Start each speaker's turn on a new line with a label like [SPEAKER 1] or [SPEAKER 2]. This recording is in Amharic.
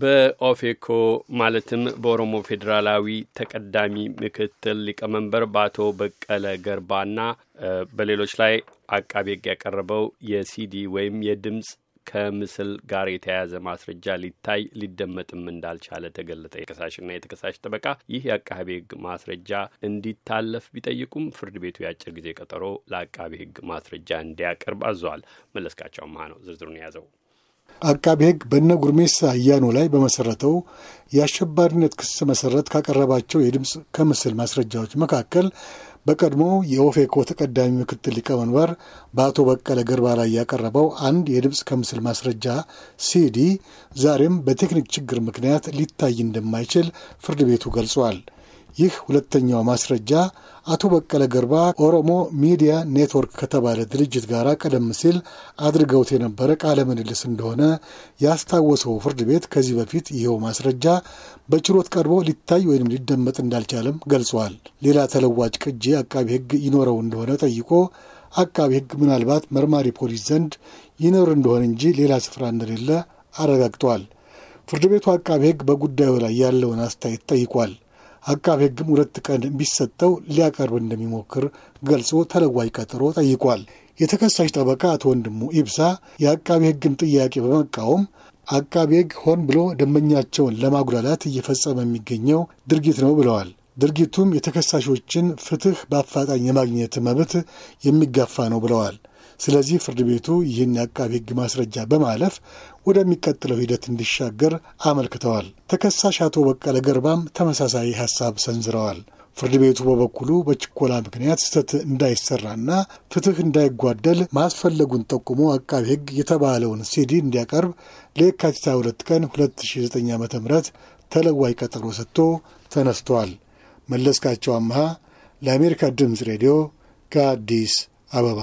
[SPEAKER 1] በኦፌኮ ማለትም በኦሮሞ ፌዴራላዊ ተቀዳሚ ምክትል ሊቀመንበር በአቶ በቀለ ገርባና በሌሎች ላይ አቃቤ ሕግ ያቀረበው የሲዲ ወይም የድምፅ ከምስል ጋር የተያያዘ ማስረጃ ሊታይ ሊደመጥም እንዳልቻለ ተገለጠ። የከሳሽና የተከሳሽ ጠበቃ ይህ የአቃቤ ሕግ ማስረጃ እንዲታለፍ ቢጠይቁም ፍርድ ቤቱ የአጭር ጊዜ ቀጠሮ ለአቃቤ ሕግ ማስረጃ እንዲያቀርብ አዘዋል። መለስካቸው አምሃ ነው ዝርዝሩን የያዘው።
[SPEAKER 2] አቃቤ ሕግ በነ ጉርሜሳ አያኖ ላይ በመሰረተው የአሸባሪነት ክስ መሰረት ካቀረባቸው የድምፅ ከምስል ማስረጃዎች መካከል በቀድሞ የኦፌኮ ተቀዳሚ ምክትል ሊቀመንበር በአቶ በቀለ ገርባ ላይ ያቀረበው አንድ የድምፅ ከምስል ማስረጃ ሲዲ ዛሬም በቴክኒክ ችግር ምክንያት ሊታይ እንደማይችል ፍርድ ቤቱ ገልጿል። ይህ ሁለተኛው ማስረጃ አቶ በቀለ ገርባ ኦሮሞ ሚዲያ ኔትወርክ ከተባለ ድርጅት ጋር ቀደም ሲል አድርገውት የነበረ ቃለ ምልልስ እንደሆነ ያስታወሰው ፍርድ ቤት ከዚህ በፊት ይኸው ማስረጃ በችሎት ቀርቦ ሊታይ ወይም ሊደመጥ እንዳልቻለም ገልጿል። ሌላ ተለዋጭ ቅጂ አቃቢ ሕግ ይኖረው እንደሆነ ጠይቆ አቃቢ ሕግ ምናልባት መርማሪ ፖሊስ ዘንድ ይኖር እንደሆነ እንጂ ሌላ ስፍራ እንደሌለ አረጋግጧል። ፍርድ ቤቱ አቃቢ ሕግ በጉዳዩ ላይ ያለውን አስተያየት ጠይቋል። አቃቢ ሕግም ሁለት ቀን ቢሰጠው ሊያቀርብ እንደሚሞክር ገልጾ ተለዋጭ ቀጠሮ ጠይቋል። የተከሳሽ ጠበቃ አቶ ወንድሙ ኢብሳ የአቃቤ ሕግን ጥያቄ በመቃወም አቃቤ ሕግ ሆን ብሎ ደንበኛቸውን ለማጉላላት እየፈጸመ የሚገኘው ድርጊት ነው ብለዋል። ድርጊቱም የተከሳሾችን ፍትህ በአፋጣኝ የማግኘት መብት የሚጋፋ ነው ብለዋል። ስለዚህ ፍርድ ቤቱ ይህን የአቃቢ ሕግ ማስረጃ በማለፍ ወደሚቀጥለው ሂደት እንዲሻገር አመልክተዋል። ተከሳሽ አቶ በቀለ ገርባም ተመሳሳይ ሀሳብ ሰንዝረዋል። ፍርድ ቤቱ በበኩሉ በችኮላ ምክንያት ስህተት እንዳይሰራና ፍትህ እንዳይጓደል ማስፈለጉን ጠቁሞ አቃቢ ሕግ የተባለውን ሲዲ እንዲያቀርብ ለየካቲት 2 ቀን 2009 ዓ ም ተለዋይ ቀጠሮ ሰጥቶ ተነስቷል። መለስካቸው አምሃ ለአሜሪካ ድምፅ ሬዲዮ ከአዲስ አበባ